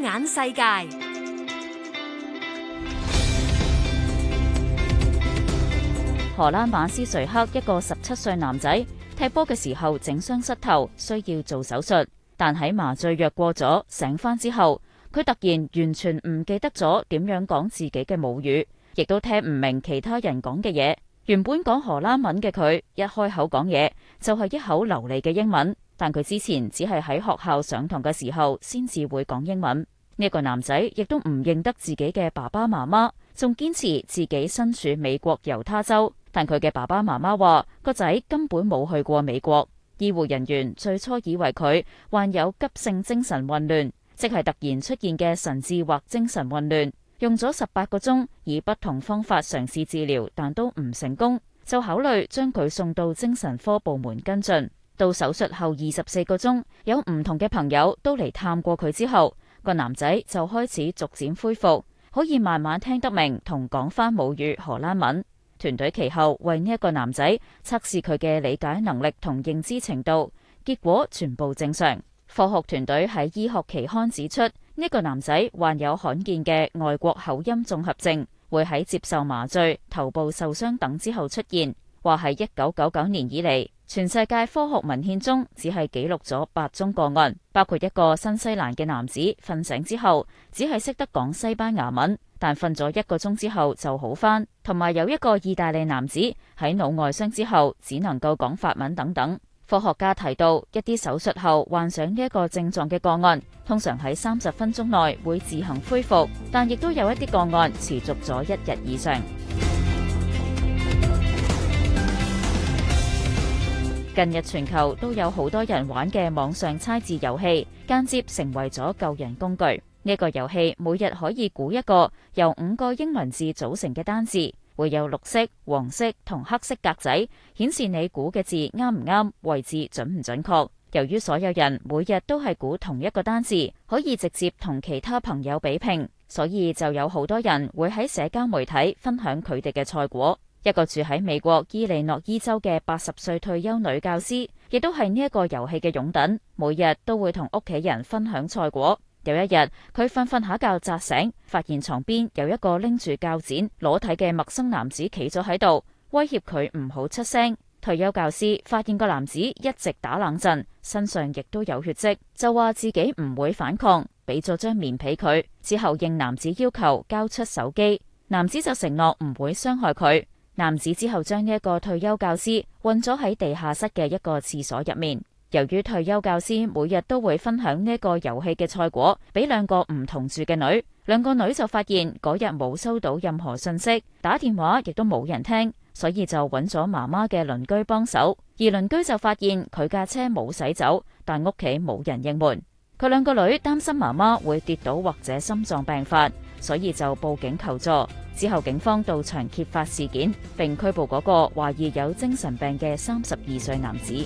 眼世界，荷蘭馬斯瑞克，一個十七歲男仔踢波嘅時候整傷膝頭，需要做手術。但喺麻醉藥過咗醒返之後，佢突然完全唔記得咗點樣講自己嘅母語，亦都聽唔明其他人講嘅嘢。原本講荷蘭文嘅佢，一開口講嘢就係、是、一口流利嘅英文。但佢之前只係喺學校上堂嘅時候先至會講英文。呢個男仔亦都唔認得自己嘅爸爸媽媽，仲堅持自己身處美國猶他州。但佢嘅爸爸媽媽話，個仔根本冇去過美國。醫護人員最初以為佢患有急性精神混亂，即係突然出現嘅神志或精神混亂。用咗十八個鐘以不同方法嘗試治療，但都唔成功，就考慮將佢送到精神科部門跟進。到手術後二十四個鐘，有唔同嘅朋友都嚟探過佢之後，個男仔就開始逐漸恢復，可以慢慢聽得明同講翻母語荷蘭文。團隊其後為呢一個男仔測試佢嘅理解能力同認知程度，結果全部正常。科學團隊喺醫學期刊指出，呢、這個男仔患有罕見嘅外國口音綜合症，會喺接受麻醉、頭部受傷等之後出現，話係一九九九年以嚟。全世界科學文獻中只係記錄咗八宗個案，包括一個新西蘭嘅男子瞓醒之後只係識得講西班牙文，但瞓咗一個鐘之後就好返；同埋有一個意大利男子喺腦外傷之後只能夠講法文等等。科學家提到，一啲手術後患上呢一個症狀嘅個案，通常喺三十分鐘內會自行恢復，但亦都有一啲個案持續咗一日以上。近日全球都有好多人玩嘅網上猜字遊戲，間接成為咗救人工具。呢個遊戲每日可以估一個由五個英文字組成嘅單字，會有綠色、黃色同黑色格仔顯示你估嘅字啱唔啱、位置準唔準確。由於所有人每日都係估同一個單字，可以直接同其他朋友比拼，所以就有好多人會喺社交媒體分享佢哋嘅賽果。一個住喺美國伊利諾伊州嘅八十歲退休女教師，亦都係呢一個遊戲嘅擁躉，每日都會同屋企人分享賽果。有一日，佢瞓瞓下覺，扎醒，發現床邊有一個拎住鉸剪裸體嘅陌生男子企咗喺度，威脅佢唔好出聲。退休教師發現個男子一直打冷震，身上亦都有血跡，就話自己唔會反抗，畀咗張棉被佢。之後應男子要求交出手機，男子就承諾唔會傷害佢。男子之後將呢個退休教師困咗喺地下室嘅一個廁所入面。由於退休教師每日都會分享呢個遊戲嘅賽果，俾兩個唔同住嘅女，兩個女就發現嗰日冇收到任何信息，打電話亦都冇人聽，所以就揾咗媽媽嘅鄰居幫手。而鄰居就發現佢架車冇駛走，但屋企冇人應門。佢兩個女擔心媽媽會跌倒或者心臟病發。所以就報警求助，之後警方到場揭發事件，並拘捕嗰個懷疑有精神病嘅三十二歲男子。